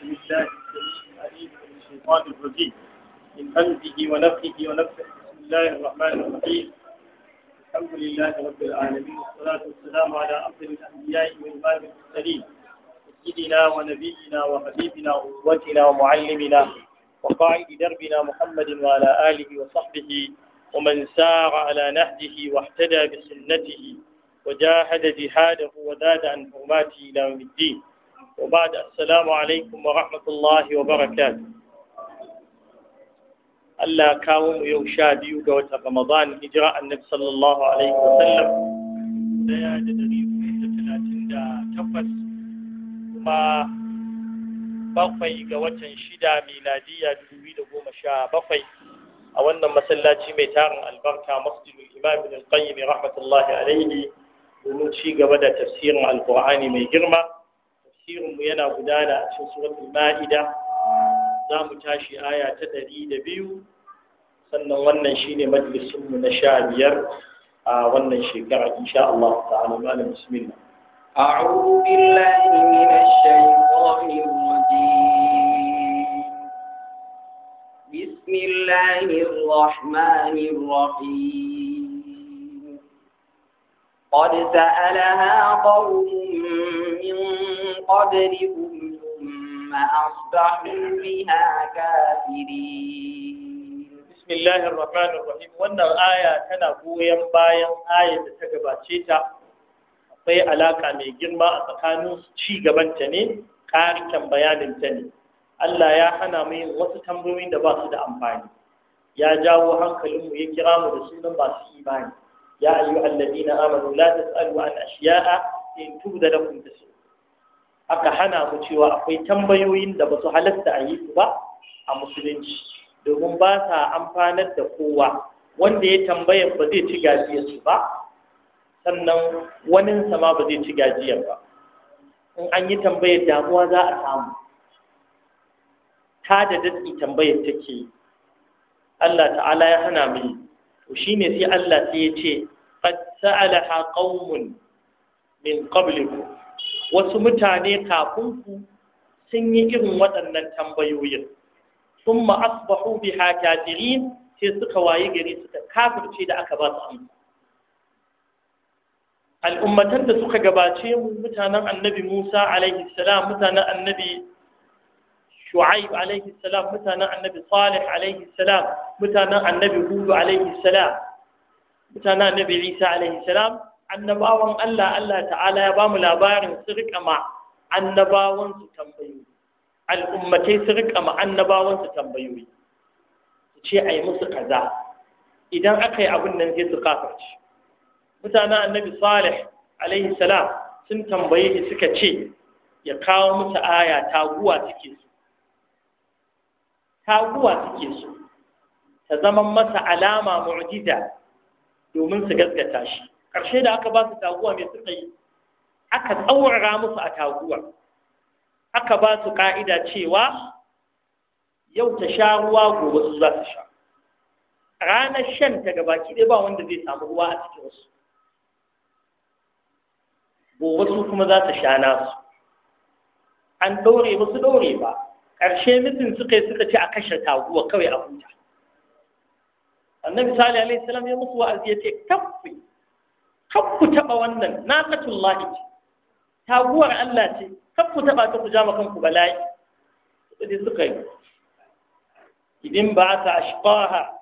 بسم الله الشيطان الرجيم من همزه ونفخه ونفخه بسم الله الرحمن الرحيم الحمد لله رب العالمين والصلاة والسلام على أفضل الأنبياء وإمام المرسلين سيدنا ونبينا وحبيبنا وقوتنا ومعلمنا وقائد دربنا محمد وعلى آله وصحبه ومن سار على نهجه واهتدى بسنته وجاهد جهاده وزاد عن حرماته إلى يوم الدين وبعد السلام عليكم ورحمة الله وبركاته Allah kawo mu yau sha biyu ga watan Ramadan hijira annabi sallallahu alaihi wa sallam daya da dari da talatin da takwas kuma bakwai ga watan shida miladiya dubu da goma sha bakwai a wannan masallaci mai tarin albarka masjidul imam ibn qayyim rahmatullahi alayhi. domin ci gaba da tafsirin alqur'ani mai girma tafsirinmu yana gudana a cikin suratul ma'ida za mu tashi aya ta ɗari da biyu sannan wannan shi shine majalisunmu na sha biyar a wannan shekara insha Allah ta'ala malam bismillah أعوذ بالله من الشيطان الرجيم بسم الله الرحمن الرحيم قد سألها قوم من قبلكم ثم أصبحوا بها كافرين بسم الله الرحمن الرحيم وأن الآية كان قويا بايا آية akwai alaka mai girma a tsakanin ci gabanta ne ƙarikan bayanin ta ne Allah ya hana mu wasu tambayoyin da ba su da amfani ya jawo hankalinmu ya kira mu da sunan ba su imani ya ayyu alladina amanu la tasalu an ashiya'a in tubda lakum tasu aka hana mu cewa akwai tambayoyin da ba su halatta a yi su ba a musulunci domin ba sa amfanar da kowa wanda ya tambaya ba zai ci gajiyar su ba sannan wani sama ba zai ci gajiyar ba in an yi tambayar damuwa za a samu ta da datsi tambayar take Allah ta'ala ya hana mu to shine sai Allah sai ya ce qad sa'alaha qaumun min qablikum wasu mutane kafin ku sun yi irin waɗannan tambayoyin sun ma'asbahu biha kafirin sai suka waye gari suka kafirce da aka ba su amsa al'ummatan da suka gabace mu mutanen annabi Musa alaihi salam mutanen annabi Shu'aib alaihi salam mutanen annabi Salih alaihi salam mutanen annabi Hud alaihi salam mutanen annabi Isa alaihi salam annabawan Allah Allah ta'ala ya bamu labarin su rika ma annabawan su tambayoyi al'ummatai su rika ma annabawan su tambayoyi su ce a yi musu kaza idan aka yi abin nan sai su kafarci mutanen annabi salih alaihi salam sun tambaye shi suka ce ya kawo musu aya taguwa suke su taguwa suke su ta zama masa alama mu'jiza domin su gaskata shi ƙarshe da aka ba su taguwa mai suka yi aka tsawara musu a taguwa aka ba su ƙa'ida cewa yau ta sha ruwa gobe su za su sha ranar shan ta gabaki ɗaya ba wanda zai samu ruwa a cikin gobe su kuma za su sha nasu an ɗore ba su ɗore ba ƙarshe mutum suka yi suka ce a kashe taguwa kawai a huta annabi sallallahu alaihi wasallam ya musu wa'azi ya ce tabbi Kan ku taɓa wannan naqatullahi ce taguwar Allah ce Kan ku taɓa ta ku ja ma kanku bala'i sai suka yi idin ba ta ashqaha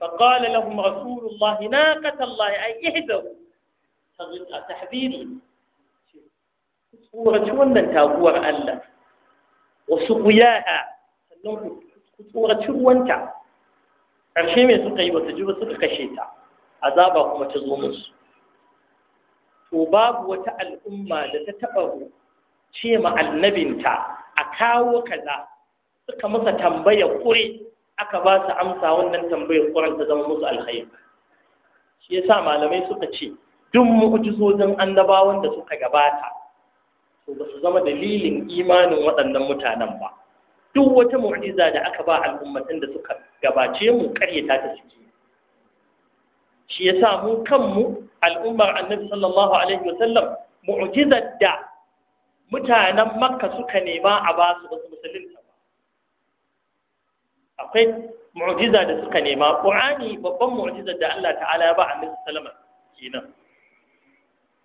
فقال لهم رسول الله ناقة الله أن يهدروا تحذيري tsoraci wannan taguwar Allah wasu kuyaha sannan ku tsoraci ruwanta ƙarshe mai suka yi wata ji suka kashe ta azaba kuma ta zo musu to babu wata al'umma da ta taba ce ma annabinta a kawo kaza suka masa tambaya kure aka ba su amsa wannan tambayar kuran ta zama musu alhaya shi sa malamai suka ce duk mu'jizozin annabawan da suka gabata to ba su zama dalilin imanin waɗannan mutanen ba duk wata mu'ujiza da aka ba al'ummatan da suka gabace mu karyata ta suke shi yasa mu kanmu al'ummar annabi sallallahu alaihi wasallam mu'jizar da mutanen makka suka nema a ba su wasu musulunta ba akwai mu'jiza da suka nema qur'ani babban mu'jizar da Allah ta'ala ya ba annabi sallama kenan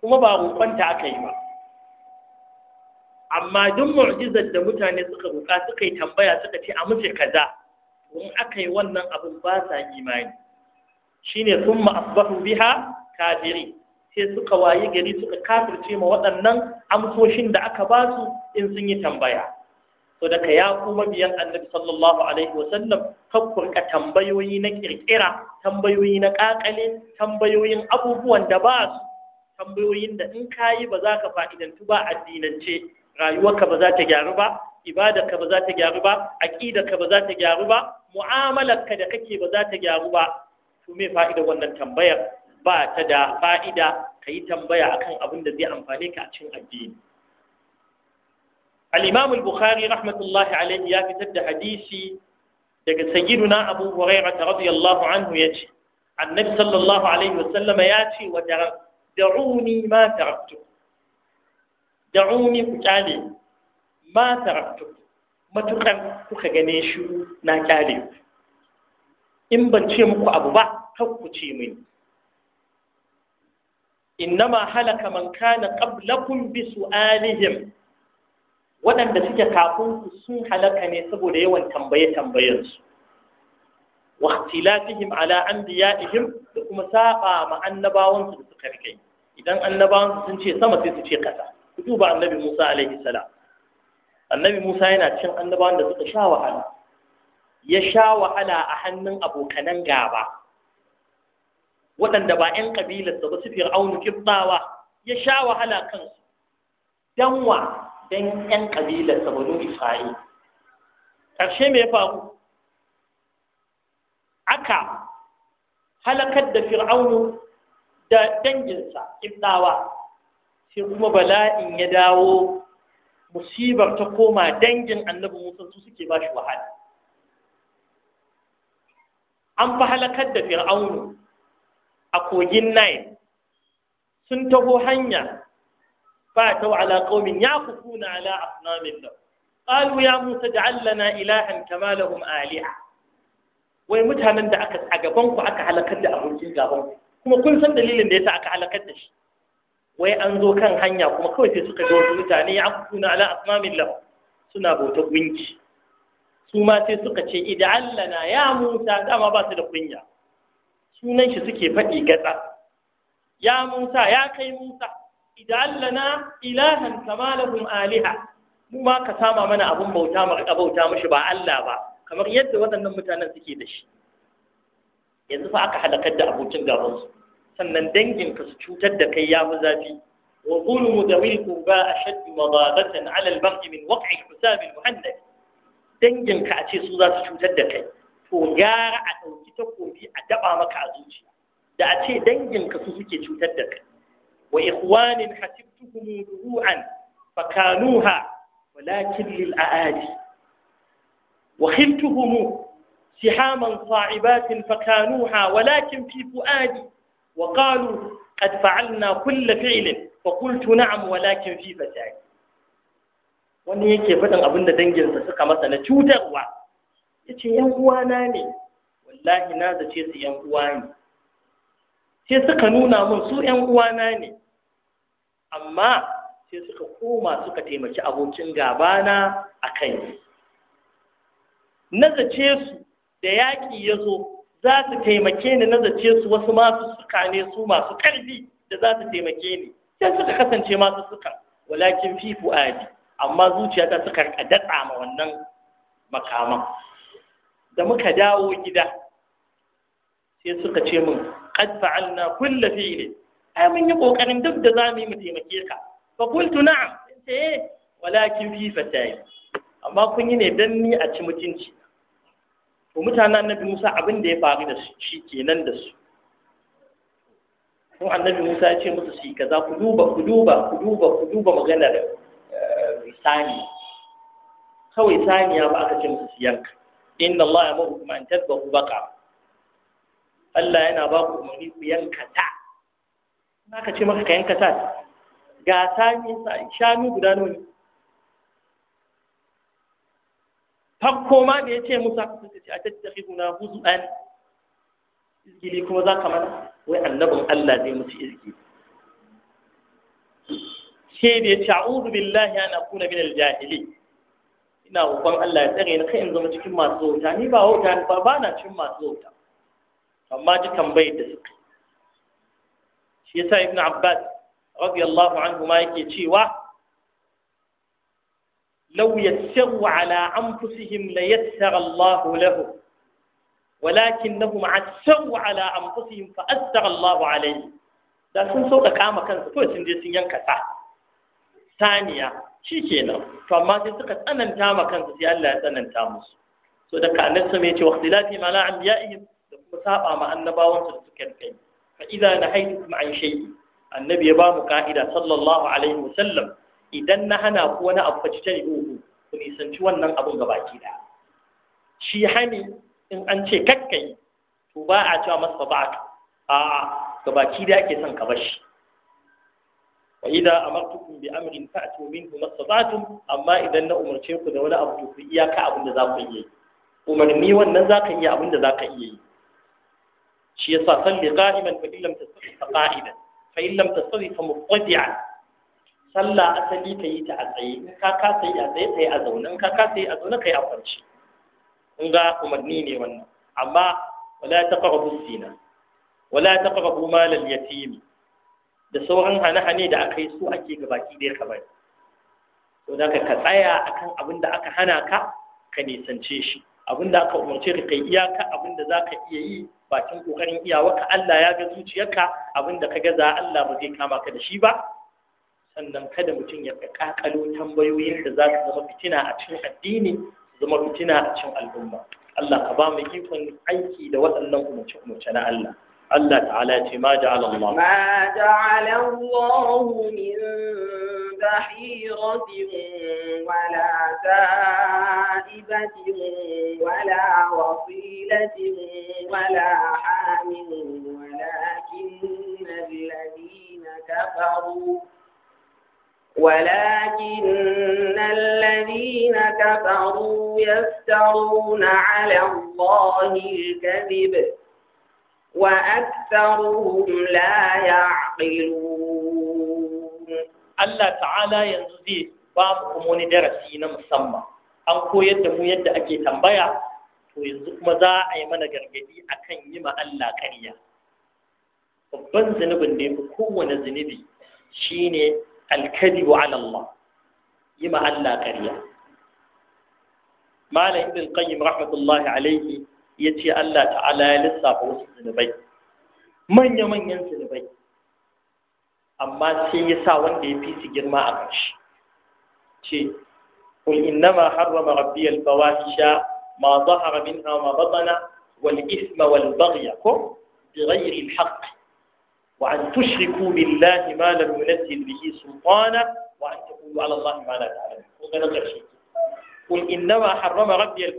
kuma ba roƙonta aka yi ba amma duk mu'jizar da mutane suka ruka suka yi tambaya suka ce a musu kaza mun aka yi wannan abin ba sa imani shine summa asbahu biha kafiri sai suka wayi gari suka kafirce ma waɗannan amsoshin da aka ba su in sun yi tambaya to daga ya kuma biyan annabi sallallahu alaihi wasallam kakkurka tambayoyi na ƙirƙira, tambayoyi na kakale tambayoyin abubuwan da ba su tambayoyin da in kayi ba za ka fa'idantu ba addinance rayuwarka ba za ta gyaru ba ibadarka ba za ta gyaru ba aqidarka ba za ta gyaru ba mu'amalarka da kake ba za ta gyaru ba to me fa'ida wannan tambayar ba ta da fa'ida ka yi tambaya akan abin da zai amfane ka a cikin addini al-imam al-bukhari rahmatullahi alaihi ya fitar da hadisi daga sayyiduna abu hurairah radiyallahu anhu yace annabi sallallahu alaihi wa da'uni ma taraktu da'uni ku kyale ma taraktu matukar kuka gane shi na kyale ku in ban ce muku abu ba kar ku ce mini innama halaka man kana qablakum bi su'alihim waɗanda suke kafin ku sun halaka ne saboda yawan tambaye tambayensu wa ikhtilafihim ala anbiya'ihim da kuma saba ma annabawan su da suka rike idan annabawan sun ce sama sai su ce kasa ku duba annabi Musa alaihi salam annabi Musa yana cin annabawan da suka sha wahala ya sha wahala a hannun abokanan gaba waɗanda ba 'yan ƙabilarsa ba su fir'aunu kibtawa ya sha wahala kansu don wa don 'yan ƙabilarsa banu isra'il ƙarshe mai faru aka halakar da fir'aunu da danginsa ƙibɗawa sai kuma bala'in ya dawo musibar ta koma dangin annabi musa su suke ba shi wahala an fi halakar da fir'aunu a kogin nile sun taho hanya ba ta wa ala qaumin yaqufuna ala asnamin da qalu ya musa ja'al lana ilahan kama lahum aliha wai mutanen da aka a gaban ku aka halakar da abokin gaban ku kuma kun san dalilin da yasa aka halakar da shi wai an zo kan hanya kuma kawai sai suka ga mutane ya akuna ala asnamin da suna bautar gunki su ma sai suka ce idan na ya musa dama ba su da kunya sunan shi suke faɗi gatsa ya musa ya kai musa idan lana ilahan kama aliha mu ma ka sama mana abun bauta mu ka bauta mishi ba Allah ba kamar yadda waɗannan mutanen suke da shi yanzu fa aka halakar da abokin gaban su sannan dangin ka su cutar da kai ya fi zafi wa zulmu dawil qurba ashaddu madadatan ala al-baghi min waqi hisab al-muhannad danginka a ce su za su cutar da kai to gyara a ɗauki takobi a daba maka a zuciya da a ce danginka su suke cutar da kai wa ikhwanin hasibtuhum du'an fakanuha walakin lil aadi wa khiltuhum sihaman sa'ibatin fakanuha walakin fi fuadi wa qalu قد فعلنا filin, فعل فقلت نعم ولكن في فساد wani yake faɗin abin da danginsa suka masa na cutarwa ya ce ‘yan uwana ne wallahi na zace su ‘yan uwa ne sai suka nuna mun su ‘yan uwana ne amma sai suka koma suka taimaki abokin gabana a kai na zace su da yaƙi ya zo za su taimake ni na zace su wasu masu suka ne su masu ƙarfi da za su taimake ni sai suka kasance masu suka walakin fifu adi. amma zuciya ta suka daɗa ma wannan makaman da muka dawo gida sai suka ce min qad fa'alna kull fi'li ai mun yi kokarin duk da zamu yi mu taimake ka fa qultu na'am sai eh, walakin fi fatayi amma kun yi ne dan ni a ci mutunci to mutanen annabi Musa abin da ya faru da su shi kenan da su ko annabi Musa ya ce musu shi kaza ku duba ku duba ku duba ku duba maganar sani kawai ya ba aka ce musu siyanka yanka inna Allah ya mahu kuma an tadbahu baka Allah yana ba ku umarni ku yanka ta na ka ce maka ka yanka ta ga sani shanu guda nuni fakko ma da ya ce musa ka ce a tattaki guna an? izgili kuma za ka mana wai annabin Allah zai mutu izgili sai da ya ce a'udhu billahi an akuna min al-jahili ina roƙon Allah ya tsare ni kai in zama cikin masu wauta ni ba wauta ni ba na cikin masu wauta amma ji tambayar da suka shi yasa ibn Abbas radiyallahu anhu ma yake cewa لو يسروا على أنفسهم ليسر الله لهم ولكنهم عسروا على أنفسهم فأسر الله عليهم da sun sauƙaƙa ma kansu kawai sun je sun yanka sa saniya shi kenan to amma sai suka tsananta ma kansu sai Allah ya tsananta musu so da ka annabi sai ya ce waqtilafi ma la iya da kuma saba ma annabawan su da suka kai fa idza nahaytukum an shay'i annabi ya ba mu ka'ida sallallahu alaihi sallam idan na hana ku wani abu faci ta ku ku nisanci wannan abun gabaki da shi hani in an ce kakkai to ba a cewa masa ba a gabaki da ake son ka bashi wa idza amartukum bi amrin fa'tu minhu mastata'tum amma idan na umarce ku da wani abu to ku iyaka abin da za ku iya yi umarni wannan za ka iya abin da za ka iya yi shi yasa salli qa'iman fa illam tastati fa qa'idan fa illam tastati fa muqtadi'an sallah asali ka yi ta a tsaye in ka kasa yi a tsaye ka a zaune in ka kasa yi a zaune ka a kwance kun ga umarni ne wannan amma wala taqrabu zina wala taqrabu mal al yatimi da sauran hane-hane da aka yi su ake gabaki ɗaya kamar to da ka tsaya akan abin da aka hana ka ka nisance shi abin da aka umarce ka kai iyaka abin da za ka iya yi bakin kokarin ka Allah ya ga zuciyarka abin da ka gaza Allah ba zai kama ka da shi ba sannan kada mutum ya kakalo tambayoyin da za ka zama fitina a cikin addini zama fitina a cikin al'umma Allah ka ba mu ikon aiki da waɗannan umarce-umarce na Allah على على ما جعل الله ما جعل الله من بحيرة ولا سائبة ولا وصيلة ولا حام ولكن الذين كفروا ولكن الذين كفروا يفترون على الله الكذب وأكثرهم لا يعقلون الله تعالى ينزل بابكم na مسمى an koyar da mu yadda ake tambaya to yanzu kuma za a yi mana gargadi akan yi ma Allah ƙarya babban zunubin da yafi kowane zunubi shine alkadibu wa Allah yi ma Allah ƙarya malam ibn qayyim rahmatullahi alaihi ya Allah ta'ala ya lissafa wasu zunubai manya-manyan zunubai amma sai ya sa wanda ya fi su girma a ƙarshe ce kun inna ma harrama rabbi al ma zahara minha ma batana wal isma wal baghya ko bi ghairi al-haqq wa ma lam yunzil bihi sultana wa an taqulu ala allahi ma ma harrama rabbi al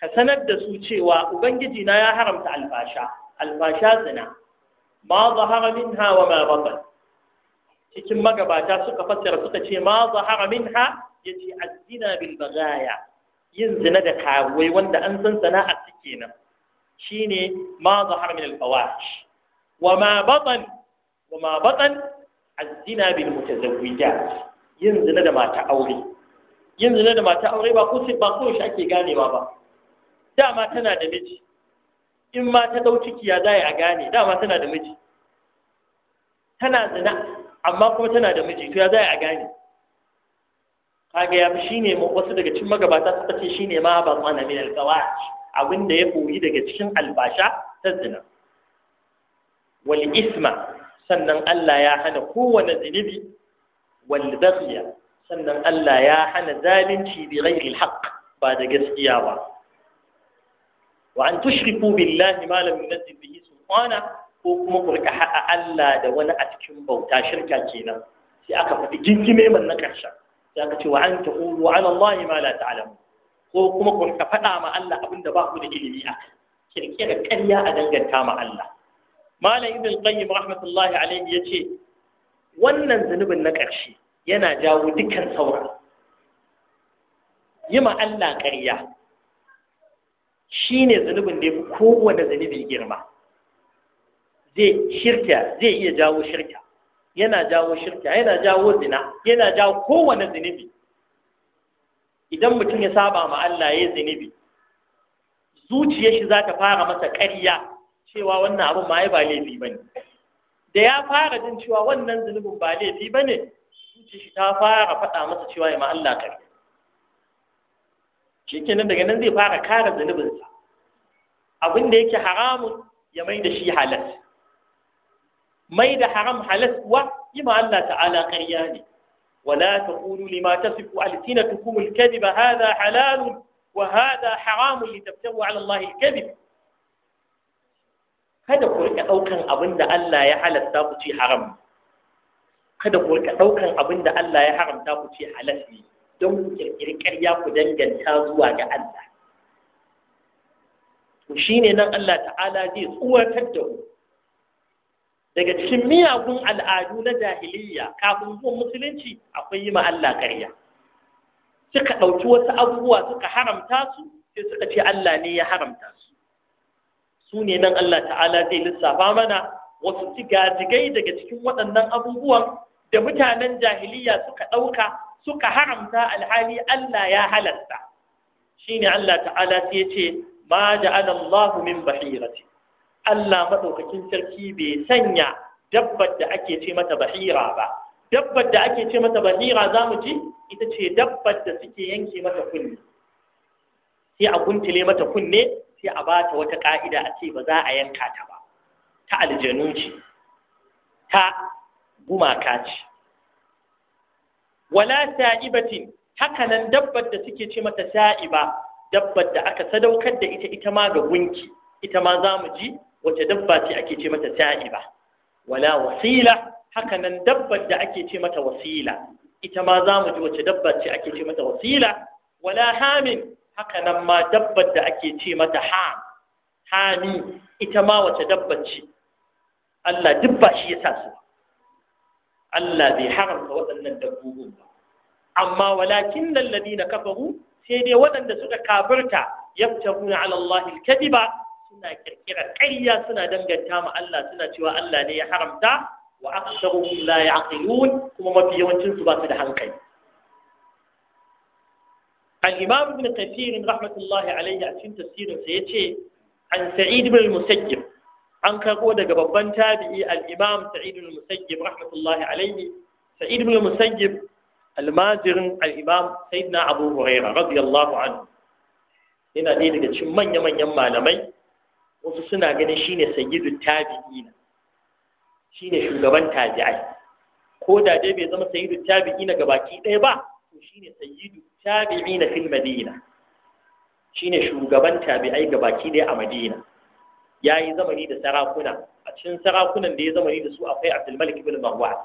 ka sanar da su cewa ubangiji na ya haramta alfasha alfasha zina ma zahara minha wa ma batan cikin magabata suka fassara suka ce ma zahara minha yace azzina bil bagaya yin zina da karuwai wanda an san sana'a suke nan shine ma zahara min al fawahish wa ma batan wa ma batan azzina bil mutazawwijat yin zina da mata aure yin zina da mata aure ba ko ba ko shi ake ganewa ba dama tana da miji in ma ta ɗau ciki ya za a gane dama tana da miji tana zina amma kuma tana da miji to ya za a gane kaga ya fi shi ne wasu daga cikin magabata suka ce ne ma ba mana min alqawaj abin da ya koyi daga cikin albasha ta zina wal isma sannan Allah ya hana kowane zunubi wal baghiya sannan Allah ya hana zalunci bi ghairi alhaq ba da gaskiya ba wa an tushriku billahi ma lam yunzil bihi sultana ko kuma ku rika Allah da wani a cikin bauta shirka kenan sai aka faɗi gingime man na ƙarshen sai aka ce wa an taqulu ala ma la ta'lamu ko kuma ku rika faɗa ma Allah abin da ba ku da ilimi a kirkira karya a danganta ma Allah malam ibn rahmatullahi rahmatullahi ya ce wannan zunubin na ƙarshe yana jawo dukkan saura yi ma Allah ƙarya shi ne zunubin da ya fi kowane zunubi girma zai shirka zai iya jawo shirka yana jawo shirka yana jawo zina yana jawo kowane zunubi idan mutum ya saba ma Allah ya zunubi zuciyar shi za ta fara masa ƙarya cewa wannan abin ma ba laifi ba ne da ya fara jin cewa wannan zunubin ba laifi ba ne zuciyar shi ta fara faɗa masa cewa ya ma Allah ƙarya shikenan daga nan zai fara kare zunubinsa abin da yake haramun ya mai da shi halas mai da haram halas kuwa yi ma Allah ta'ala ƙarya ne wala taqulu lima tasifu alsinatukum alkadhiba hadha halal wa hadha haram litabtagu wa Allah alkadhib kada ku rika ɗaukan abin da Allah ya halasta ku ce haram kada ku rika ɗaukan abin da Allah ya haramta ku ce halas ne don ku kirkiri ƙarya ku danganta zuwa ga Allah to shine nan Allah ta'ala zai tsuwatar da ku daga cikin miyagun al'adu na jahiliya kafin zuwan musulunci akwai yi ma Allah ƙarya suka ɗauki wasu abubuwa suka haramta su sai suka ce Allah ne ya haramta su su ne nan Allah ta'ala zai lissafa mana wasu jigajigai daga cikin waɗannan abubuwan da mutanen jahiliya suka ɗauka suka haramta alhali Allah ya halatta shine Allah ta'ala sai yace ma ja'ala Allah min bahirati Allah maɗaukakin sarki bai sanya dabbar da ake ce mata bahira ba dabbar da ake ce mata bahira zamu ji ita ce dabbar da suke yanke mata kunne sai a guntule mata kunne sai a bata wata ka'ida a ce ba za a yanka ta ba ta aljanu ce ta gumaka ce wala sa'ibatin haka nan dabbar da suke ce mata sa'iba dabbar da aka sadaukar da ita ita ma ga gunki ita ma za mu ji wace dabba ce ake ce mata sa'iba wala wasila hakanan nan dabbar da ake ce mata wasila ita ma za mu ji wace dabba ce ake ce mata wasila wala hamin hakanan ma dabbar da ake ce mata ha hami ita ma wace dabbar ce Allah duk ba shi ya sa su Allah bai haramta waɗannan dabbobin ba amma walakin lallabi na kafaru sai dai waɗanda suka kafirta yabtaguna ala Allah alkadiba suna kirkira ƙarya suna danganta ma Allah suna cewa Allah ne ya haramta wa aktsaruhum la yaqilun kuma mafi yawancin su ba su da hankali al-imam ibn kathir rahmatullahi alayhi a cikin tafsirin sa yace an sa'id ibn al-musayyib an karɓo daga babban tabi'i al-imam sa'id ibn musayyib rahmatullahi alayhi sa'id ibn musayyib almajirin al'imam na abu huraira radiyallahu anhu yana ɗaya daga cikin manya-manyan malamai wasu suna ganin shi shine sayyidu tabi'ina ne shugaban tabi'ai ko da dai bai zama sayyidu tabi'ina ga baki ɗaya ba to shi ne sayyidu tabi'ina fil madina ne shugaban tabi'ai ga baki ɗaya a madina ya yi zamani da sarakuna a cikin sarakunan da ya zamani da su akwai abdulmalik bin marwan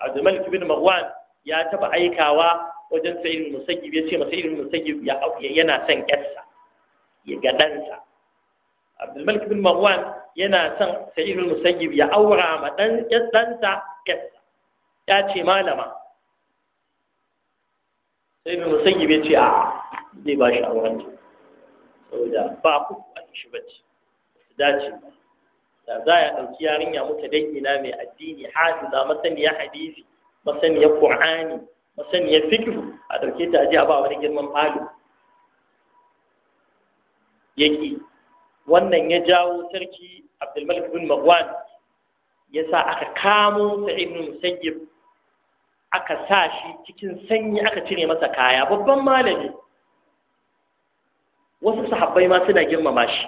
abdulmalik bin marwan ya taba aikawa wajen sa'id musagib ya ce masa sa'id musayyib ya yana son yarsa ya ga ɗansa abdul malik bin marwan yana son sa'id musagib ya aura ma ɗan ɗansa yarsa ya ce malama sa'id musagib ya ce a zai ba shi auren ta saboda ba ku a shi su dace ba da za ya ɗauki yarinya muta dangina mai addini za masaniya hadisi masaniyar ƙur'ani, masaniyar fiqh a ɗauke ta aje a ba wani girman falo Yake, wannan ya jawo sarki abdulmalik bin magwan ya sa aka kamo sa'id bin musayyib aka sa shi cikin sanyi aka cire masa kaya babban malami wasu sahabbai ma suna girmama shi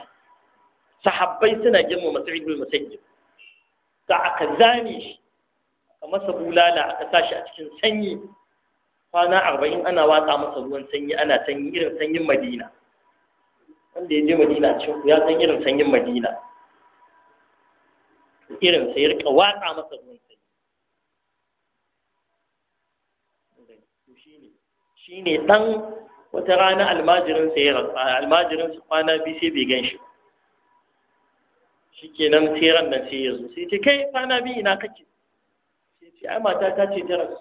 sahabbai suna girmama sa'id bin musayyib da aka zame shi masa bulala aka sa shi a cikin sanyi kwana arba'in ana watsa masa ruwan sanyi ana sanyi irin sanyin madina wanda ya je madina cikin ya san irin sanyin madina irin sai ya rika watsa masa ruwan sanyi shi ne ɗan wata rana almajirinsa ya almajirin almajirinsa kwana biyu sai bai gan shi shi kenan sai ran nan sai ya zo sai ce kai kwana biyu ina kake shi ai mata ta ce ta rasu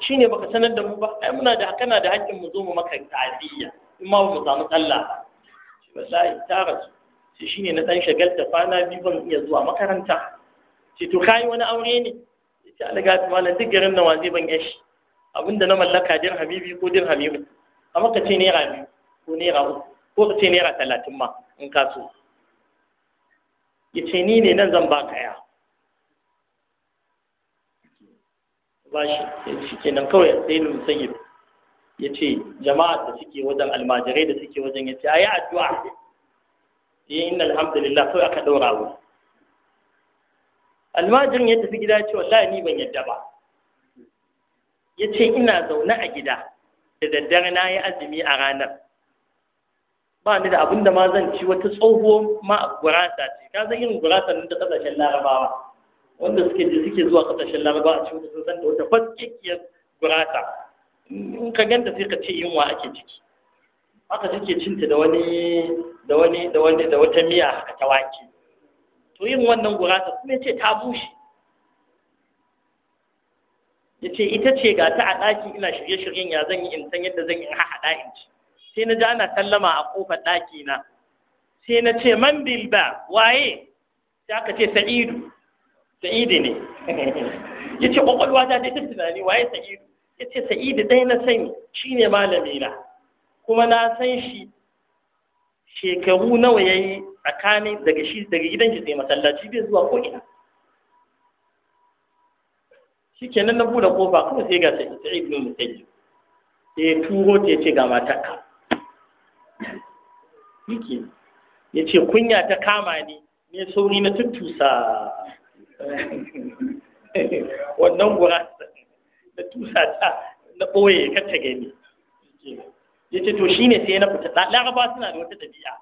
shi shine baka sanar da mu ba ai muna da kana da haƙƙin mu zo mu maka ta'aziyya in ma mu samu sallah wallahi ta rasu shi shine na dan shagalta na biyu ban iya zuwa makaranta shi to kai wani aure ne ce alaga malam duk garin nawa zai ban yashi abinda na mallaka din habibi ko din habibi amma ka ce ne biyu ko ne uku ko ka ce naira talatin ma in ka so ya ce ni ne nan zan ba ya ba shi shi nan kawai sai nun sai ya ce jama'a da suke wajen almajirai da suke wajen ya ce a yi addu'a yi inna alhamdulillah kawai aka ɗaura wa. almajirin ya tafi gida ya ce wallahi ni ban yadda ba ya ce ina zaune a gida da daddare na yi azumi a ranar ba ni da abin da ma zan ci wata tsoho ma gurasa ce ka zan yin gurasa nan da kasashen larabawa wanda suke je suke zuwa kasashen larabawa a cikin sun san da wata faskekkiyar gurasa in ka ganta sai ka ce yunwa ake ciki haka suke cinta da wani da wani da wani da wata miya haka ta wake to yin wannan gurasa kuma ce ta bushe ya ce ita ce ga ta a ɗaki ina shirye-shiryen ya zan yi in san yadda zan yi haɗa in ci sai na ji ana sallama a kofar ɗaki na sai na ce man bilba waye sai aka ce sa'idu sa'idu ne ya ce ƙwaƙwalwa ta ta tunani waye sa'idu ya ce sa'idu ɗaya na sani shi ne malami na kuma na san shi shekaru nawa ya yi tsakanin daga shi daga gidan shi sai masallaci bai zuwa ko ina shi kenan na buɗe kofa kuma sai ga sa'idu ne musayi ya turo ta ya ce ga matarka yake ya ce kunya ta kama ne, ne sauri na tuttusa wannan gura na tusa ta na ɓoye kacce gani ya ce to shi ne sai na fita laraba suna da wata ɗabi'a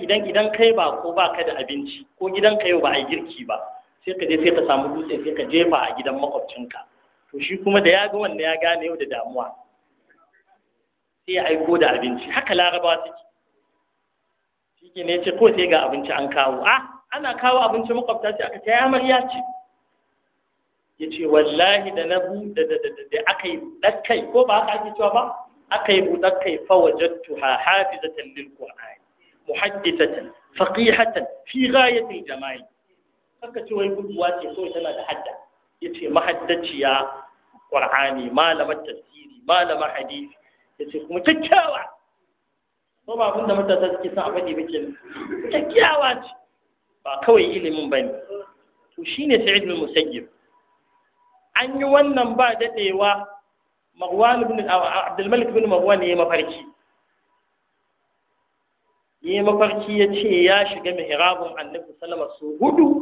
idan idan kai ba ko ba ka da abinci ko gidan ka yau ba a yi girki ba sai ka je sai ka samu dutse sai ka jefa a gidan makwabcinka to shi kuma da ya ga wanda ya gane yau da damuwa sai ya aiko da abinci haka laraba suke shi ke ne ce ko sai ga abinci an kawo a ah, ana kawo abinci makwabta ce aka kai amarya ce ya ce wallahi da na buɗe da da da aka yi ɗakkai ko ba haka ake cewa ba aka yi buɗakkai fawajattu ha hafizatan lil qur'ani muhaddisatan faqihatan fi ghayatil jama'i haka ce wai buduwa ce so tana da hadda yace mahaddaciya qur'ani malamar tafsiri malamar hadisi ya ce kuma kyakkyawa ko ba abinda matasa suke son a faɗi ba kenan kyakkyawa ce ba kawai ilimin ba ne to shi ne sa'id bin musayyib an yi wannan ba daɗewa marwan bin abdulmalik bin marwan ne mafarki yi mafarki ya ce ya shiga mihrabun annabi sallama su hudu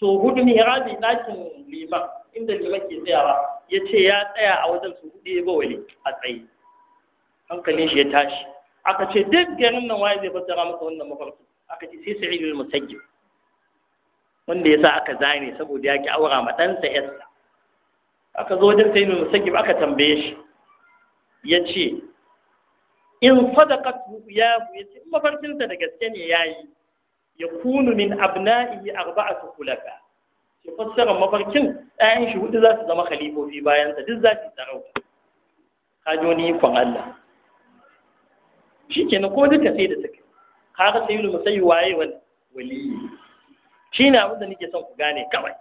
so hudu ne rabi ɗakin liman inda liman ke tsayawa ya ce ya tsaya a wajen su hudu ya ga wali a tsaye hankalin shi ya tashi aka ce duk garin nan waye zai fassara maka wannan mafarki aka ce sai sa'id al-musajjib wanda ya sa aka zane saboda ya ki aura ma ɗansa yarsa aka zo wajen sa'id al ba aka tambaye shi ya ce in sadaqat ya ce mafarkinsa da gaske ne yayi yakunu min abna'ihi arba'atu khulafa shi fassarar mafarkin ɗayan shi hudu za su zama khalifofi bayan sa duk za su sarauta kaji wani ikon Allah shikenan ko duka sai da take kaga sai mu sai waye wani Shi shine abin da nake son ku gane kawai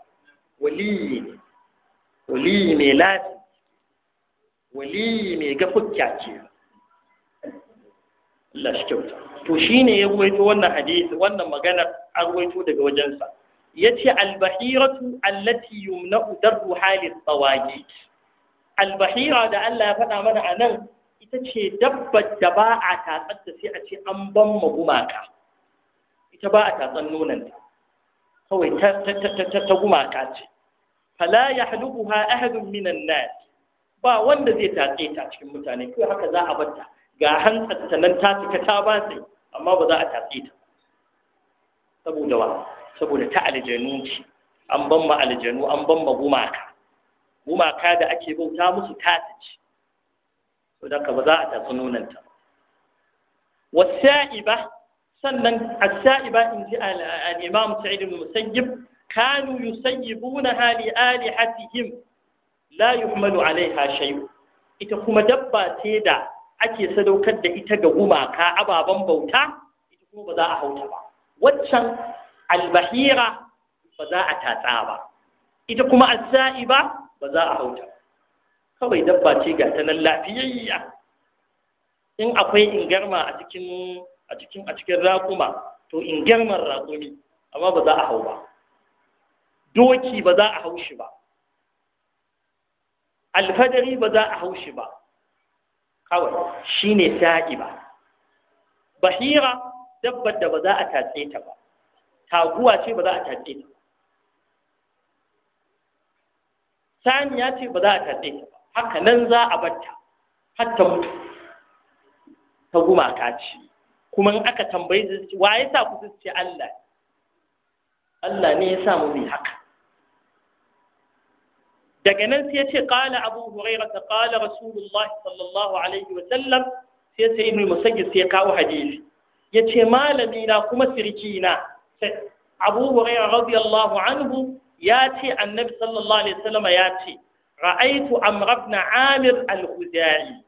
waliyi ne waliyi mai lati waliyi mai gafukka ce Allah shi kyauta to shine ya ruwaito wannan hadisi wannan maganar an ruwaito daga wajensa Ya ce albahiratu, allati yumna, darru halis tawagi al-bahira da Allah ya faɗa mana a nan ita ce dabbar da ba a tatsar da sai a ce an ban ma gumaka ita ba a tatsan nonon ta kawai ta gumaka ce fala ha ahadun minan nas ba wanda zai tatse ta cikin mutane kai haka za a batta ga hantsarta nan ta cika ta ba sai amma ba za a tatse ta saboda wa saboda ta aljanu ce an ban ma aljanu an ban ma gumaka gumaka da ake bauta musu ta ci to ka ba za a tatsi nonon ta wasa'iba sannan as-sa'iba in ji al-imam sa'id ibn musayyib kanu yusayyibuna hali alihatihim la yuhmalu alaiha shay'u ita kuma dabba ce da ake sadaukar da ita ga gumaka ababen bauta ita kuma ba za a hauta ba waccan albahira ba za a tatsa ba ita kuma azza'iba ba ba za a hauta kawai dabba ce ga ta nan lafiyayya in akwai ingarma a cikin a cikin a cikin raƙuma to ingarmar raƙumi amma ba za a hau ba doki ba za a hau shi ba alfadari ba za a hau shi ba kawai shine sa'iba bahira dabbar da ba za a tatse ta ba taguwa ce ba za a tatse ta saniya ce ba za a tatse ta ba haka nan za a batta hatta ta mutu ta gumaka ce kuma in aka tambayi wa ya sa ku ce Allah Allah ne ya sa mu bi haka daga nan sai ya ce qala abu hurairah ta qala rasulullah sallallahu alaihi wa sallam sai sai ibnu musajjid sai ya kawo hadisi yace malami na kuma sirki na abu hurairah radiyallahu anhu ya ce annabi sallallahu alaihi wasallam ya ce ra'aitu amr ibn amir al-khuzai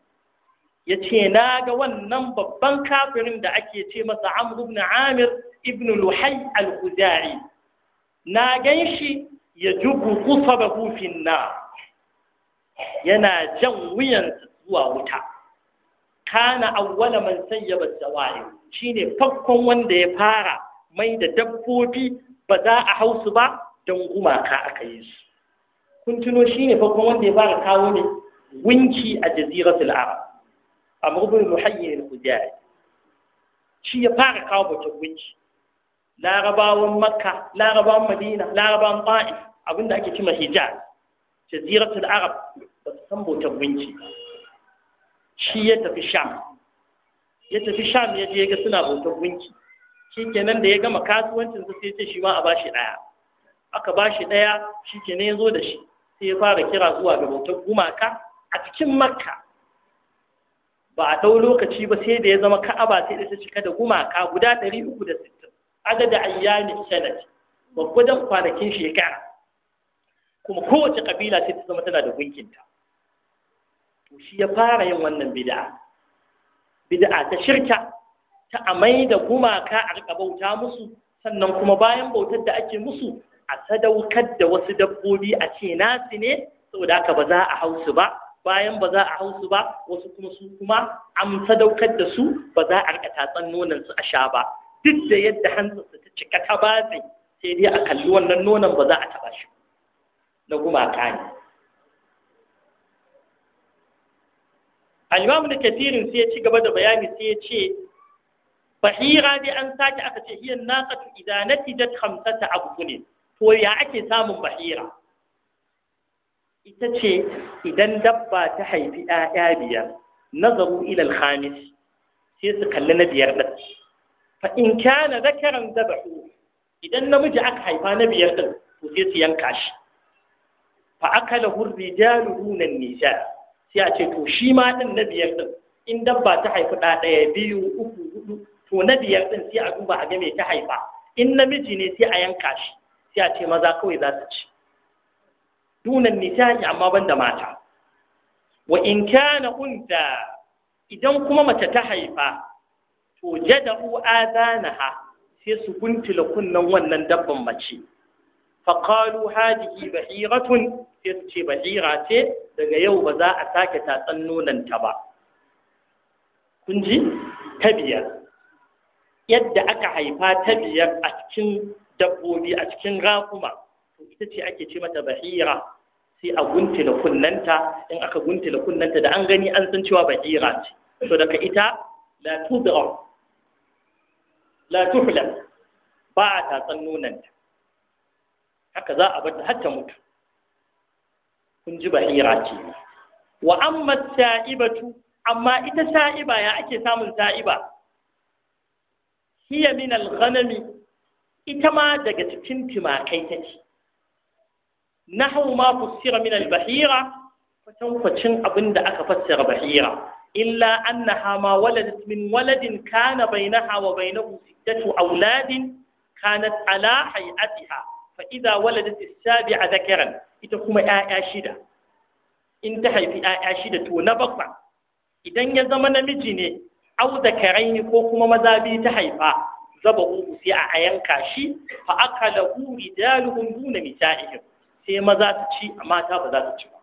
yace ga wannan babban kafirin da ake ce masa amr ibn amir ibn luhay al-khuzai na ganshi ya jubu kufin na yana jan wuyansa zuwa wuta kana awwala man sayyaba dawai shine fakkon wanda ya fara mai da dabbobi ba za a hausu ba don gumaka aka yi su kun tuno shine fakkon wanda ya fara kawo ne gunki a jaziratul arab amr ibn muhayyin al-hujari shi ya fara kawo batun gunki larabawan makka larabawan madina larabawan ba'if abinda ake cima hijaz jaziratul arab ba su san bautar gunki shi ya tafi sham ya tafi sham ya je ga suna bautar gunki shi kenan da ya gama kasuwancin su sai ce shi ma a bashi daya aka bashi daya shi kenan ya zo da shi sai ya fara kira zuwa ga bautar gumaka a cikin makka ba a ɗau lokaci ba sai da ya zama ka'aba sai da ta cika da gumaka guda ɗari uku da sittin Ada da ayyamin sanad gwaggwadon kwanakin shekara kuma kowace kabila sai ta zama tana da gunkinta to shi ya fara yin wannan bid'a bid'a ta shirka ta amai da gumaka a rika bauta musu sannan kuma bayan bautar da ake musu a sadaukar da wasu dabbobi a ce nasu ne saboda haka ba za a hausu ba bayan ba za a hausu ba wasu kuma su kuma an sadaukar da su ba za a rika tatsan nonon su a sha ba duk da yadda hannunsa ta cika ta batse sai dai a kalli wannan nonon ba za a taɓa shi na gumaka ne al da kafirin sai ya ci gaba da bayani sai ya ce bahira dai an sake aka ce hiya naqatu idza natijat khamsata ne, to ya ake samun bahira ita ce idan dabba ta haifi 'ya'ya biyar nazaru ila al-khamis sai su kalli na biyar da fa in kana zakaran zabahu idan namiji aka haifa na biyar din to sai su yanka shi fa akalahu rijalu dunan nisa sai a ce to shi ma din na biyar din in dabba ta haifi ɗa ɗaya biyu uku hudu to na biyar din sai a duba a ga me ta haifa in namiji ne sai a yanka shi sai a ce maza kawai za su ci dunan nisa amma banda mata wa in kana unta idan kuma mace ta haifa to jada'u adanaha sai su kuntula kunnan wannan dabban mace faƙalu hadihi bahiratun sai su ce bahira ce daga yau ba za a sake tatsan ta ba kun ji ta yadda aka haifa ta a cikin dabbobi a cikin raƙuma ita ce ake ce mata bahira sai a guntula kunnanta in aka guntula kunnanta da an gani an san cewa bahira ce to daga ita la tudra la tuhlam ba a tatsan nonanta haka za a bar har ta mutu kun ji bahira ce wa amma sa'ibatu amma ita sa'iba ya ake samun sa'iba hiya min al-ghanami ita ma daga cikin timakai take nahu ma fusira min al-bahira kwatankwacin abin da aka fassara bahira illa annaha ma waladat min waladin kana bainaha wa bainahu sittatu auladin kanat ala hay'atiha fa idza waladat as-sabi'a dhakaran ita kuma 'ya'ya shida in ta haifi 'ya'ya shida to na bakwai idan ya zama namiji ne au dhakaraini ko kuma maza biyu ta haifa zaba uku sai a yanka shi fa akalahu rijaluhum duna nisa'ihim sai maza su ci mata ba za su ci ba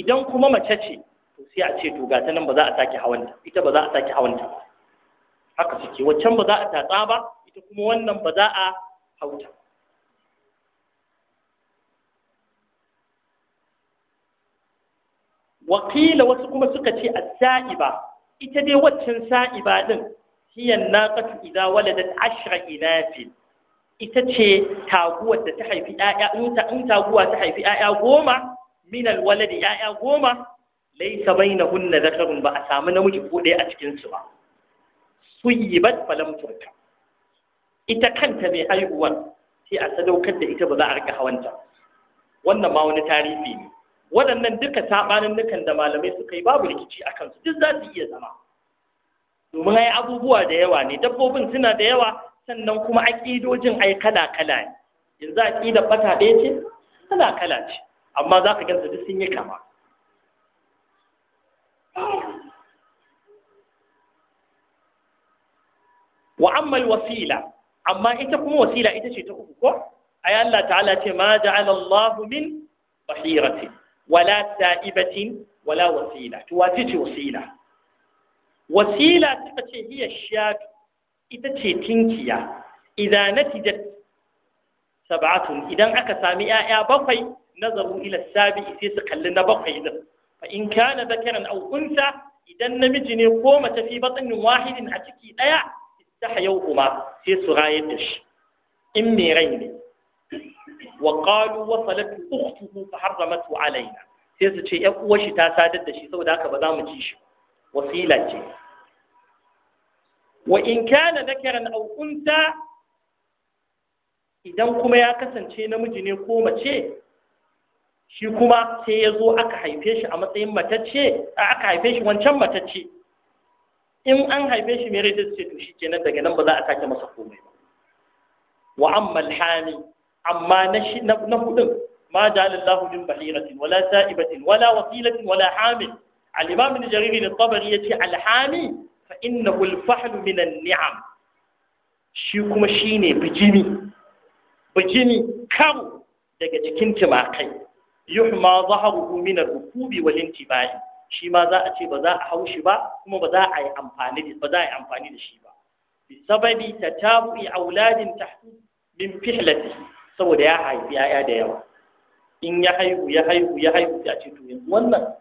idan kuma mace ce to sai a ce to ga nan ba za a sake hawanta ita ba za a sake hawanta ba haka suke waccan ba za a tatsa ba ita kuma wannan ba za a hauta wakila wasu kuma suka ce a sa'iba ita dai waccan sa'iba din hiyan naqatu idza waladat ashra inafil. ita ce taguwar da ta haifi ƴaƴa, in taguwa ta haifi ƴaƴa goma minal waladi ƴaƴa goma laisa bainahunna zakarun ba a samu namiji ko ɗaya a cikin su ba suyibat falam turka ita kanta mai haihuwar sai a sadaukar da ita ba za a rika hawanta wannan ma wani tarihi ne waɗannan duka sabanin nukan da malamai suka yi babu rikici a kansu duk za su iya zama domin ai abubuwa da yawa ne dabbobin suna da yawa sannan kuma aƙidojin ai kala kala ne yanzu aƙida fata ɗaya ce kala kala ce amma za ka gansa duk sun yi kama wa ammal wasila amma ita kuma wasila ita ce ta uku ko ay Allah ta'ala ce ma ja'ala Allahu min bahiratin wala sa'ibatin wala wasila to wace ce wasila wasila ta ce hiya shat ita ce tinkiya idan natijat sab'atun idan aka sami ƴaƴa bakwai nazaru ila sabi sai su kalli na bakwai din fa in kana zakaran aw unsa idan namiji ne ko mace fi batnin wahidin a ciki daya istahyawhuma sai su rayar da shi in me rai ne wa qalu wasalat ukhtuhu fa harramatu alaina sai su ce 'yan uwar shi ta sadar da shi saboda haka ba za mu ci shi wasila ce wa in kana zakaran aw unsa idan kuma ya kasance namiji ne ko mace shi kuma sai ya zo aka haife shi a matsayin matacce aka haife shi wancan matacce in an haife shi mai rai ce to shi kenan daga nan ba za a sake masa komai ba wa amma alhani amma na shi na hudun ma ja'ala min bahiratin wala sa'ibatin wala wasilatin wala hamil al-imam ibn jarir al-tabari yace alhami fa innahu al-fahl min an-ni'am shi kuma shine bijimi bijimi kamu daga cikin timakai yuhma zahruhu min ar-rukubi wal intibai shi ma za a ce ba za a haushi ba kuma ba za a yi amfani ba za a yi amfani da shi ba bi sababi tatabu'i auladin tahtu min fihlati saboda ya haifi yaya da yawa in ya haihu ya haihu ya haihu ya ce to yanzu wannan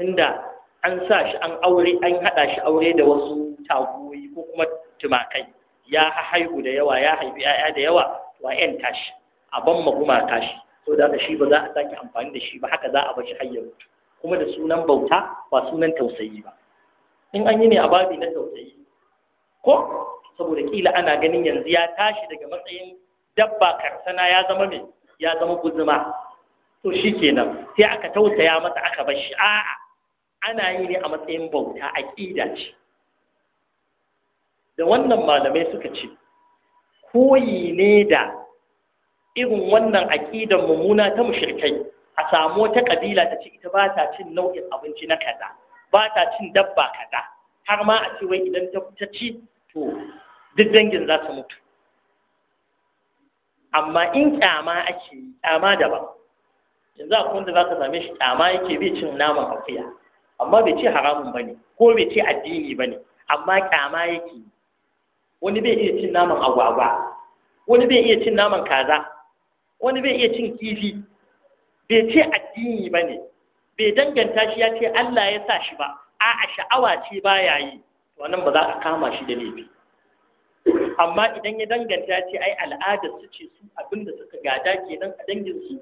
tunda an sa shi an aure an hada shi aure da wasu tagoyi ko kuma tumakai ya haihu da yawa ya haifi 'ya'ya da yawa wa 'yan tashi a ban magumaka shi so da shi ba za a sake amfani da shi ba haka za a bar shi har ya mutu kuma da sunan bauta ba sunan tausayi ba in an yi ne a babi na tausayi ko saboda kila ana ganin yanzu ya tashi daga matsayin dabba karsana ya zama mai ya zama guzuma to shi kenan sai aka tausaya masa aka bar shi a'a ana yi ne a matsayin bauta aƙida ce da wannan malamai suka ce koyi ne da irin wannan aƙidar mummuna ta mushirkai a samu wata ƙabila ta ce ita ba ta cin nau'in abinci na kaza ba ta cin dabba kaza har ma a ce wai idan ta ci to duk dangin za su mutu amma in kyama ake kyama daban yanzu a wanda za ka same shi kyama yake bai cin naman akuya amma bai ce haramun ba ne ko bai ce addini ba ne amma kyama yake wani bai iya cin naman agwagwa wani bai iya cin naman kaza wani bai iya cin kifi bai ce addini ba ne bai danganta shi ya ce Allah ya sa shi ba a'a sha'awa ce ba ya yi wannan ba za a kama shi da laifi amma idan ya danganta ce ai al'adar su ce su abinda suka gada ke nan a dangin su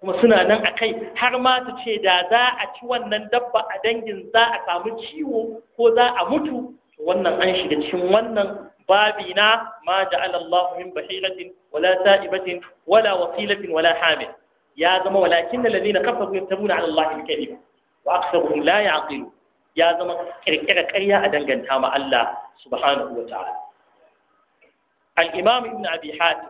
kuma suna nan a kai har ma su ce da za a ci wannan dabba a dangin za a samu ciwo ko za a mutu wannan an shiga cikin wannan babina ma ja'ala Allahu min bahiratin wala sa'ibatin wala wasilatin wala hamil ya zama walakin alladhina kafaru yaktabuna 'ala Allahi al-kadhib wa aktharuhum la ya'qilu ya zama kirkira ƙarya a danganta ma Allah subhanahu wa ta'ala al-imam ibn abi hatim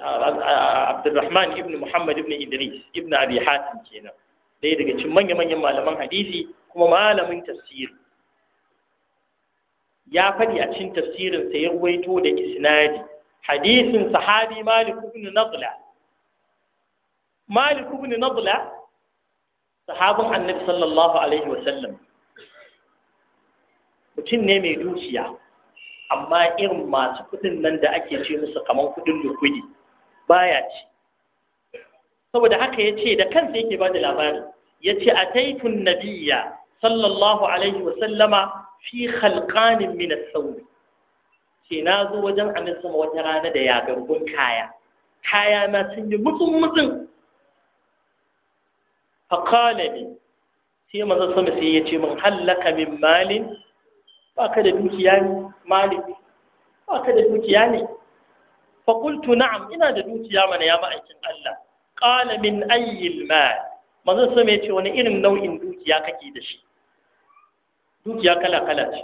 Abdulrahman ibn Muhammad ibn Idris ibn Abi Hatim kenan ɗaya daga cikin manya-manyan malaman hadisi kuma malamin tafsiri ya faɗi a cikin tafsirin sa ya ruwaito da isnadi hadisin sahabi Malik ibn Nadla Malik ibn Nadla sahabin Annabi sallallahu alaihi wa sallam mutum ne mai dukiya amma irin masu kuɗin nan da ake ce musu kaman kuɗin lukudi baya ci saboda haka ya ce da kansa yake ba da labari ya ce a taifin nabiya sallallahu alaihi wa sallama fi khalqanin min as-sawm ce na zo wajen annabi sama wata rana da ya gargun kaya kaya na sun yi mutsun mutsun fa qala li sai manzo sama sai ya ce min hallaka min malin ba ka da dukiya ne malin ba ka da dukiya ne fa qultu na'am ina da dukiya mana ya ma'aikin Allah qala min ayyi al-mal manzo sama ya ce wani irin nau'in dukiya kake da shi dukiya kala kala ce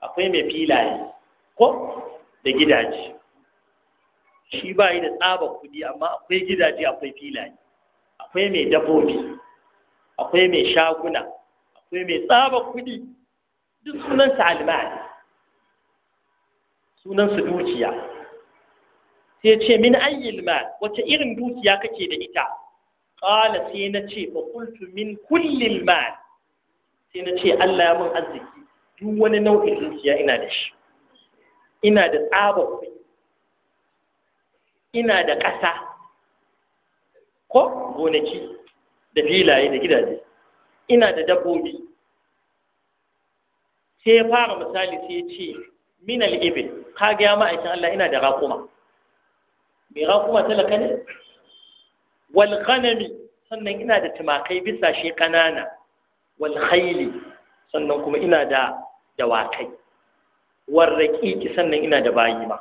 akwai mai filaye ko da gidaje shi ba yi da tsaba kuɗi amma akwai gidaje akwai filaye akwai mai dabbobi akwai mai shaguna akwai mai tsaba kuɗi duk sunansa sunan sunansa dukiya sai ce min ayyul mal wace irin dukiya kake da ita qala sai na ce fa qultu min kullil mal sai na ce Allah ya mun arziki duk wani nau'in zuciya ina da shi ina da tsaba kuɗi ina da ƙasa ko gonaki da filaye da gidaje ina da dabbobi sai ya fara misali sai ya ce min al'ibin, ka ga ma'aikin Allah ina da raƙuma mai raƙuma talaka ne wal sannan ina da tumakai bisa shi ƙanana wal sannan kuma ina da dawakai war raqiqi sannan ina da bayi ma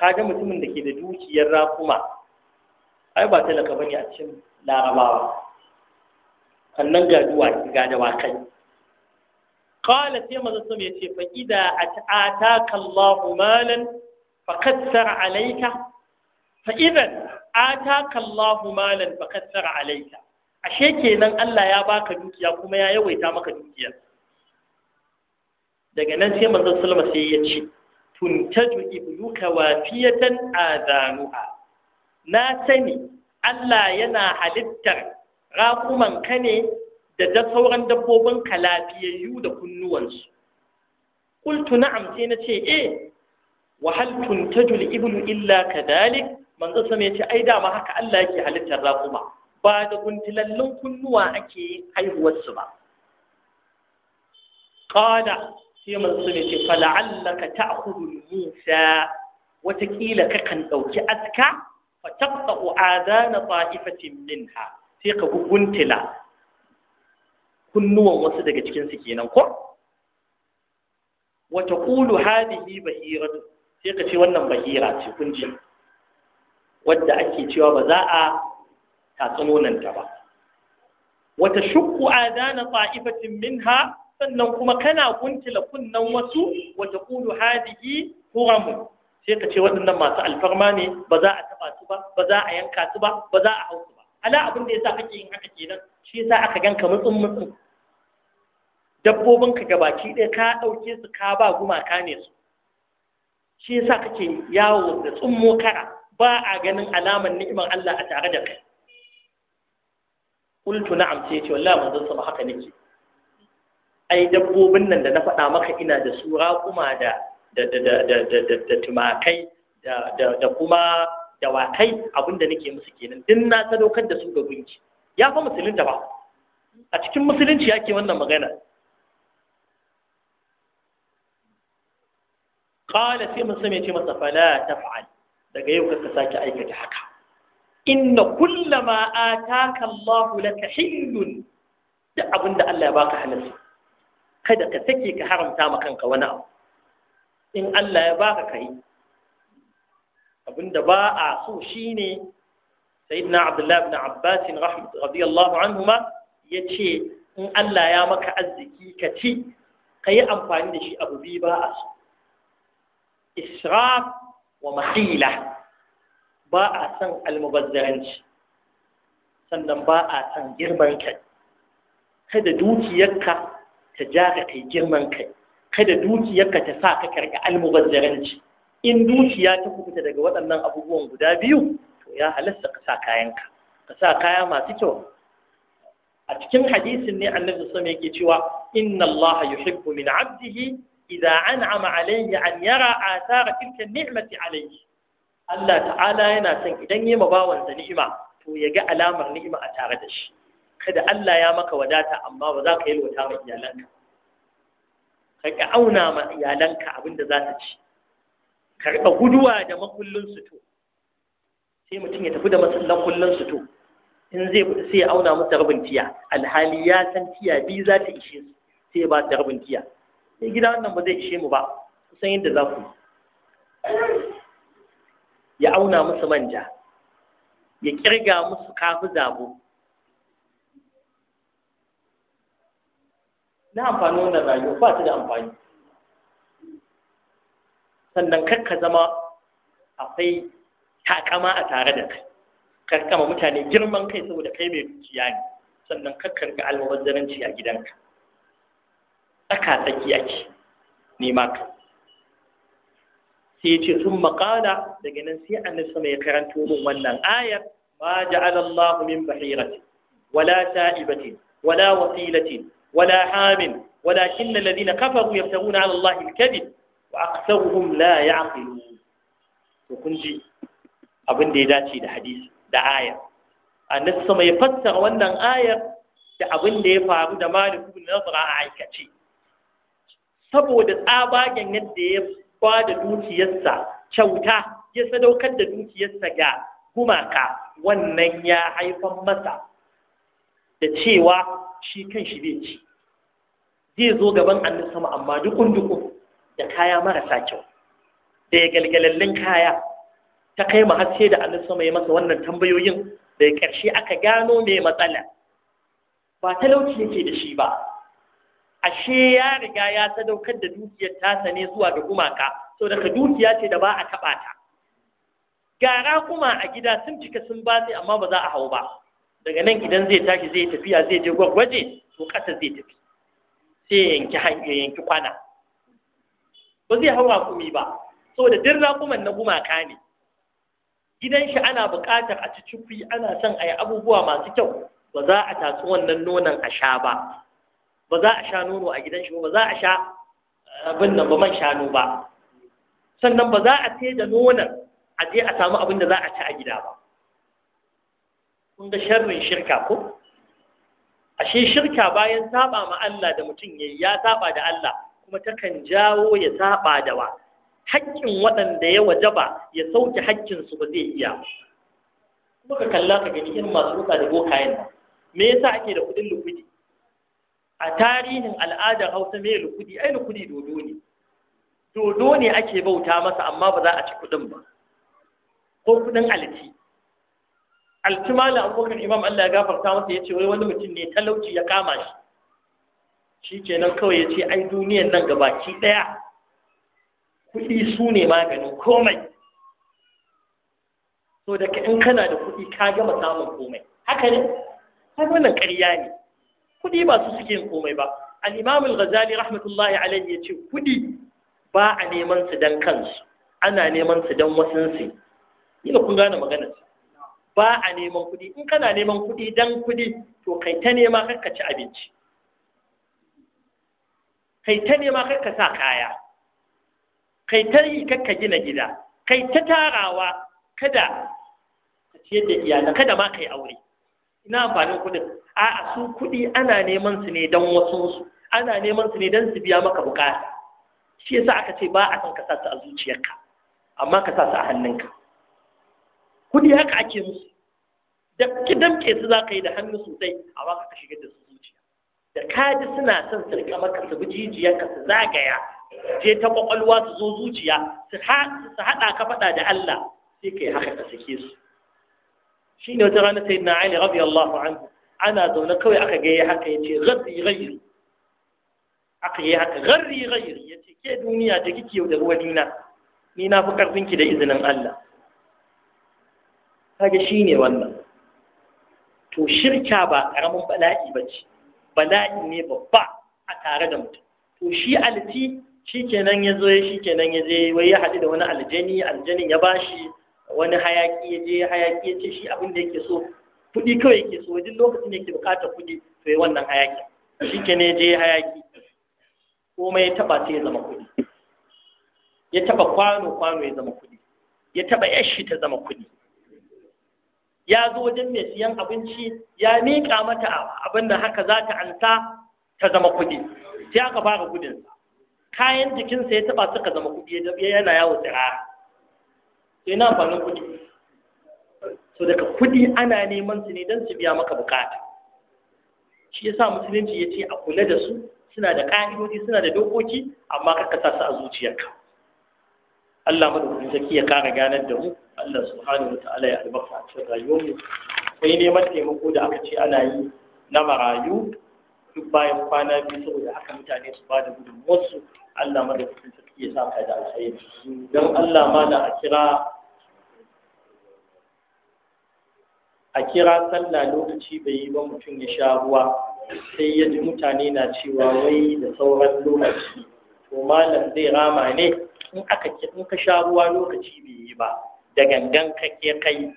kaga mutumin da ke da dukiyar rakuma ai ba talaka bane a cikin larabawa sannan ga duwa ga dawakai qala sai manzo sun yace fa idza ataka Allahu malan fakassar alaika fa idan ataka Allahu malan fakassar alaika ashe kenan Allah ya baka dukiya kuma ya yawaita maka dukiya daga nan sai manzon sallama sai ya ce tuntaju ibnuka wafiyatan azanuha na sani Allah yana halittar raƙuman ka ne da da sauran dabbobin ka lafiyayyu da kunnuwansu qultu na'am sai na ce eh wa hal tuntaju ibnu illa kadhalik manzon sallama ya ce ai da ma haka Allah yake halittar raƙuma ba da guntilallun kunnuwa ake haihuwarsu ba qala sai manzo ne ce fala'allaka ta'khudhu musa watakila ka kan ɗauki aska fa taqta'u adana ta'ifatin minha sai ka guguntila kunnuwan wasu daga cikinsu kenan ko wa taqulu hadhihi bahiratu sai ka ce wannan bahira ce kunji wadda ake cewa ba za a ta ba wata shukku adana ta'ifatin minha sannan kuma kana kuntila kunnan wasu wata kulu hadihi huramu sai ka ce waɗannan masu alfarma ne ba za a taɓa su ba ba za a yanka su ba ba za a hau su ba ala abin da yasa kake yin haka kenan shi yasa aka ganka mutsun mutsun dabbobin ka gabaki ɗaya ka ɗauke su ka ba gumaka ne su shi yasa kake yawo da tsummo kara ba a ganin alaman ni'imar Allah a tare da kai qultu na'am sai yace wallahi manzon sama haka nake ai dabbobin nan da na faɗa maka ina da su raƙuma da da da kuma dawakai abinda nake musu kenan din na sadaukar da su ga gunki ya fa musulunta ba a cikin musulunci yake wannan magana qala sai mun same ce masa fala taf'al daga yau ka sake aikata haka inna kullama taka Allahu laka hillun Da abinda Allah ya baka halalci kada ka sake ka haramta ma kanka wani abu in Allah ya baka kai abinda ba a so shine sayyidina Abdullah ibn Abbas radiyallahu ya ce in Allah ya maka arziki ka ci Ka yi amfani da shi abu biyu ba a so israf wa mahila ba a san almubazzaranci sannan ba a san girman kai kada dukiyarka ta ja ka kai girman kai kada dukiyarka ta sa ka karɓi almubazzaranci in dukiya ta kubuta daga waɗannan abubuwan guda biyu to ya halasta ka sa kayanka ka sa kaya masu kyau a cikin hadisin ne annabi sallallahu yake cewa inna Allah yuhibbu min 'abdihi idza an'ama alayhi an yara athara tilka ni'mati alayhi Allah ta'ala yana son idan yi ma bawansa ni'ima to ya ga alamar ni'ima a tare da shi kada Allah ya maka wadata amma ba za ka yi lota ma iyalanka ka ka auna ma iyalanka abin da za ta ci ka riƙa guduwa da makullin su to sai mutum ya tafi da masallan kullun su to in zai fita sai ya auna musu rabin tiya alhali ya san tiya biyu za ta ishe su sai ya ba su rabin tiya sai gida wannan ba zai ishe mu ba kusan yadda za ku yi ya auna musu manja ya kirga musu kafi zabo na amfani wannan rayuwa ba ta da amfani sannan kar ka zama akwai takama a tare da kai kar kama mutane girman kai saboda kai mai dukiya ne sannan karkar ga riga almubazzaranci a gidanka tsaka tsaki ake nema kai sai ce sun maƙala daga nan sai an nisa mai karanto min wannan ayar ma ja'ala Allah min bahirati wala sa'ibati wala wasilati wala hamin walakin alladhina kafaru yaftaruna 'ala Allah al-kadhib wa aktharuhum la ya'qilun to kun ji abin da ya dace da hadisi da ayar an nisa mai fassara wannan ayar da abin da ya faru da Malik ibn Nadra a aikace saboda tsabagen yadda ya kwa da dukiyarsa kyauta ya sadaukar da dukiyarsa ga gumaka wannan ya haifan masa da cewa shi kan shi bai ci zai zo gaban annin sama amma dukun dukun da kaya marasa kyau da ya galgalallin kaya ta kai ma sai da annin sama ya masa wannan tambayoyin da ya ƙarshe aka gano mai matsala ba talauci yake da shi ba ashe ya riga ya sadaukar da dukiyar tasa ne zuwa ga gumaka so daga dukiya ce da ba a taɓa ta gara kuma a gida sun cika sun sai amma ba za a hau ba daga nan idan zai tashi zai tafiya zai je gwaggwaje to ƙasa zai tafi sai yanki hanyar yanki kwana ba zai hau raƙumi ba saboda da raƙuman na gumaka ne gidan shi ana buƙatar a ci ana son a yi abubuwa masu kyau ba za a tatsi wannan nonon a sha ba ba za a sha nono a gidan shi ba za a sha eh, abin nan ba man shanu ba sannan ba za a sai da nonon a je a samu abin da za a ci a gida ba kun ga sharrin shirka ko ashe shirka bayan saba ma Allah da mutum ya ya saba da Allah kuma takan jawo ya saba da wa haƙƙin waɗanda ya wajaba ya sauke haƙƙin su ba zai iya kuma ka kalla ka gani irin masu ruka da bokayen nan me yasa ake da kuɗin lukudi a tarihin al'adar hausa mai lukudi ai lukudi dodo ne dodo ne ake bauta masa amma ba za a ci kudin ba ko kudin alti alti mala abubakar imam allah ya gafarta masa ya ce wai wani mutum ne talauci ya kama shi shi kenan kawai yace ai duniyan nan ki daya kudi su ne maganin komai so daga in kana da kuɗi ka gama samun komai haka ne har wannan ƙarya ne kuɗi ba su suke komai ba al-imam al-ghazali rahmatullahi alayhi yace kuɗi ba a neman su dan kansu ana neman su dan wasansu ina kun gane maganar ba a neman kuɗi in kana neman kuɗi dan kuɗi to kai ta nema kar ka ci abinci kai ta nema kar ka sa kaya kai ta yi kar ka gina gida kai ta tarawa kada ka ciyar da iyalai kada ma kai aure ina amfanin kuɗin a'a su kuɗi ana neman su ne don wasu su ana neman su ne don su biya maka bukata shi yasa aka ce ba a san ka sa su a zuciyarka amma ka sa su a hannunka kuɗi haka ake musu da ki damke su za ka yi da hannu sosai a baka ka shiga da su zuciya da kaji suna son su rika maka su bi jijiyarka su zagaya je ta kwakwalwa su zo zuciya su haɗa ka faɗa da Allah sai ka yi haka ka sake su shi ne wata rana sai na ali rabi Allahu anhu ana zaune kawai aka ga ya haka ya ce gharri aka yi haka gharri ghairi ya ce ke duniya da kike yau da wani na ni na fi karfin ki da izinin Allah kage shi ne wannan to shirka ba karamin bala'i ba ce bala'i ne babba a tare da mutum to shi alti shi kenan ya zo shi kenan ya je wai ya haɗu da wani aljani aljanin ya bashi wani hayaki ya je hayaki ya ce shi abin da yake so kuɗi kawai yake so wajen lokacin yake bukatar kuɗi to yi wannan hayaki shi ke ne je hayaki komai ya taɓa sai ya zama kuɗi ya taɓa kwano kwano ya zama kuɗi ya taɓa yashi ta zama kuɗi ya zo wajen mai siyan abinci ya miƙa mata abin da haka za ta ansa ta zama kuɗi sai aka fara gudunsa kayan jikinsa ya taɓa suka zama kuɗi yana yawo tsirara sai na amfanin kuɗi so daga kuɗi ana neman su ne don su biya maka bukata shi ya sa musulunci ya ce a kula da su suna da ƙa'idodi suna da dokoki amma ka sa su a zuciyarka Allah madaukakin zaki ya kara ganar da mu Allah subhanahu wa ta'ala ya albarka a cikin rayuwarmu sai neman taimako da aka ce ana yi na marayu duk bayan kwana biyu saboda haka mutane su ba da gudunmuwarsu Allah madaukakin zaki ya sa ka da alkhairi don Allah ma da a kira a kira sallah lokaci bai yi ba mutum ya sha ruwa sai ya ji mutane na cewa wai da sauran lokaci to malam zai rama ne in aka in ka sha ruwa lokaci bai yi ba da gangan ka ke kai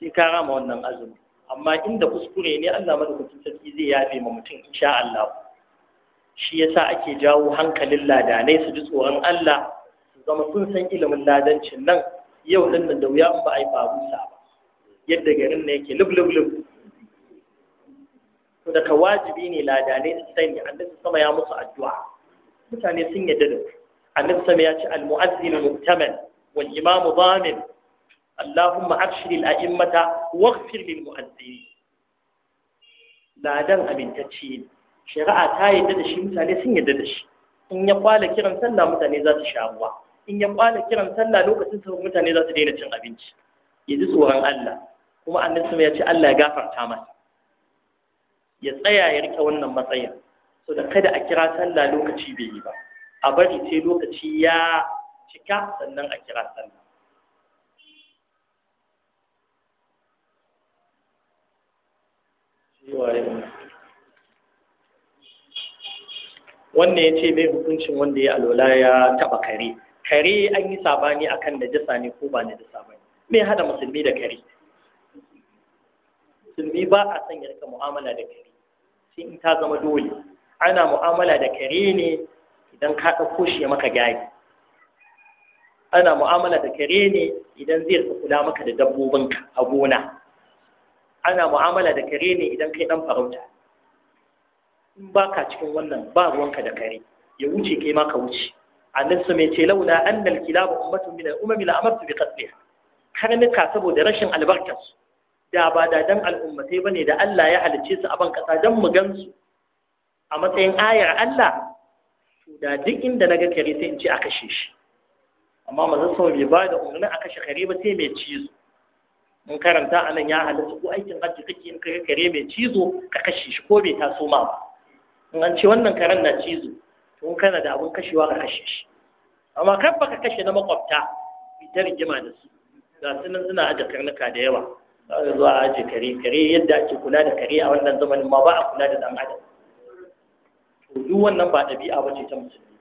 sai ka rama wannan azumi amma inda kuskure ne Allah madaukakin sarki zai yafe ma mutum insha Allah shi yasa ake jawo hankalin ladanai su ji tsoron Allah su zama sun san ilimin ladancin nan yau din da wuya ba a yi farusa ba yadda garin ne yake lub lub lub to daga wajibi ne ladanai su sani annabi sama ya musu addu'a mutane sun yadda da annabi sama ya ce al mu'azzin mu'taman wal imam dhamin اللهم أبشر الأئمة واغفر للمؤذنين ladan amintacce ne shari'a ta yadda da shi mutane sun yadda da shi in ya kwala kiran sallah mutane za su sha ruwa in ya kwala kiran sallah lokacin sabon mutane za su daina cin abinci ya ji tsoron Allah kuma annabi ya ce Allah ya gafarta masa ya tsaya ya rike wannan matsayin so da kada a kira sallah lokaci bai yi ba a bari sai lokaci ya cika sannan a kira sallah wannan ya ce mai hukuncin wanda ya alola ya taba kare kare an yi sabani akan jisa ne ko ba najasa ba ne me hada musulmi da kare musulmi ba a son ya rika mu'amala da kare sai in ta zama dole ana mu'amala da kare ne idan ka ɗauko shi ya maka gadi ana mu'amala da kare ne idan zai rika kula maka da dabbobinka a gona ana mu'amala da kare ne idan kai ɗan farauta in ba ka cikin wannan ba ruwanka da kare ya wuce kai ma ka wuce nan su mai ce launa annal kilaba ba umarci mila umarci mila amartu bi qatliha karnuka saboda rashin albarkarsu da ba da dan al'ummatai bane da Allah ya halicce su a ban kasa dan mu gansu a matsayin ayar Allah to da duk inda naga kare sai in ce a kashe shi amma manzon sau bai ba da umarnin a kashe kare ba sai mai cizo in karanta anan ya halatta ko aikin hajji kake in kare kare mai cizo ka kashe shi ko bai taso ma ba in an ce wannan karen na cizo to in kana da abun kashewa ka kashe shi amma kan baka kashe na makwabta ita rigima da su ga sunan suna aje karnuka da yawa za zuwa ajiye kare kare yadda ake kula da kare a wannan zamanin ma ba a kula da dan adam to duk wannan ba ɗabi'a ba ce ta musulmi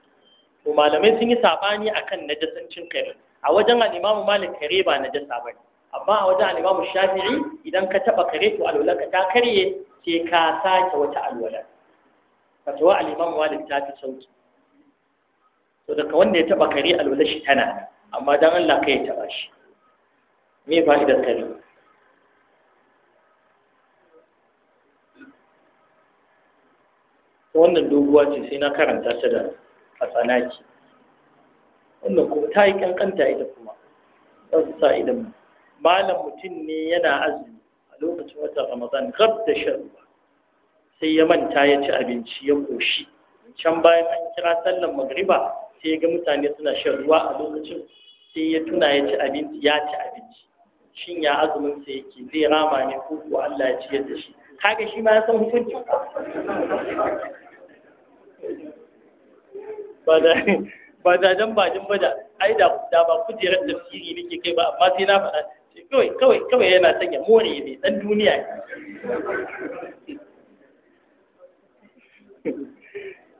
to malamai sun yi saɓani akan najasancin kare a wajen al'imamu malik kare ba najasa ba ne amma a wajen al'imamu shafi'i idan ka taɓa kare to ka ta karye sai ka sake wata alwalar fatawa al'imamu malik ta fi sauki to daga wanda ya taɓa kare alwalar shi tana amma dan Allah kai ya taɓa shi me fa'idar kare wannan doguwa ce sai na karanta ta da a tsanaki wannan kuma ta yi kankanta ita kuma za su sa idan malam mutum ne yana azumi a lokacin wata ramadan gab da shan sai ya manta ya ci abinci ya koshi can bayan an kira sallan magriba sai ga mutane suna shan ruwa a lokacin sai ya tuna ya ci abinci ya ci abinci shin ya azumin sa yake zai rama ne ko ko Allah ya ciyar da shi kaga shi ma ya san hukuncin ba da ba da ba ba da ai da da ba kujerar tafsiri nake kai ba amma sai na faɗa kawai kawai kawai yana sanya more ne dan duniya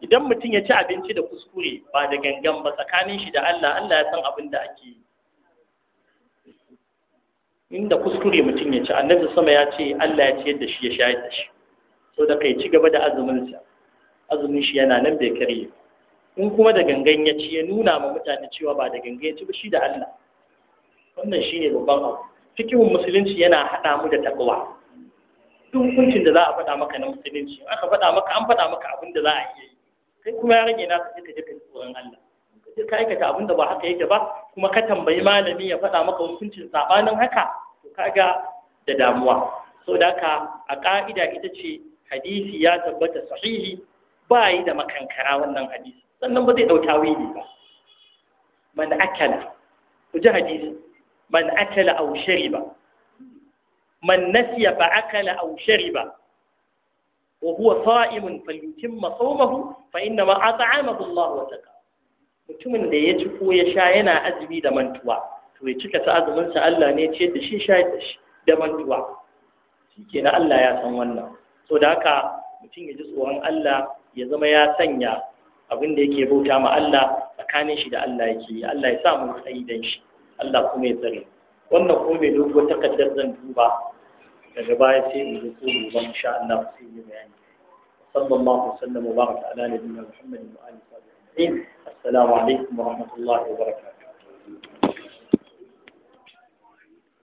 idan mutum ya ci abinci da kuskure ba da gangan ba tsakanin shi da Allah Allah ya san abin da ake yi inda kuskure mutum ya ci annabi sama ya ce Allah ya ciyar da shi ya shayar da shi so da kai ci gaba da azumin sa azumin shi yana nan bai karye in kuma da gangan ya ci ya nuna ma mutane cewa ba da gangan ya ci ba shi da Allah wannan shi ne babban abu fikihun musulunci yana haɗa mu da takwa duk hukuncin da za a faɗa maka na musulunci aka faɗa maka an faɗa maka abin da za a iya yi kai kuma ya rage naka sai ka ka ji tsoron Allah sai ka aikata abin da ba haka yake ba kuma ka tambayi malami ya faɗa maka hukuncin sabanin haka to kaga da damuwa saboda haka a ka'ida ita ce hadisi ya tabbata sahihi ba yi da makankara wannan hadisi sannan ba zai ɗau tawili ba man akala ku ji hadisi man akala aw shariba man nasiya fa akala aw shariba wa huwa sa'imun falyutimma sawmahu fa inna ma at'amahu Allah wa taqa mutumin da ya ci ko ya sha yana azumi da mantuwa to ya cika ta azumin sa Allah ne ce da shi sha da da mantuwa shikenan Allah ya san wannan so da haka mutum ya ji tsoron Allah ya zama ya sanya abin da yake bauta ma Allah tsakanin shi da Allah yake yi Allah ya sa mu tsayi dan shi Allah kuma ya tsare wannan ko mai dogo takaddar zan duba daga baya sai mu zo ko gobe sha. Allah sai mu bayani sallallahu alaihi wasallam wa baraka ala nabiyina Muhammadin wa alihi wa sahbihi assalamu alaikum wa rahmatullahi wa barakatuh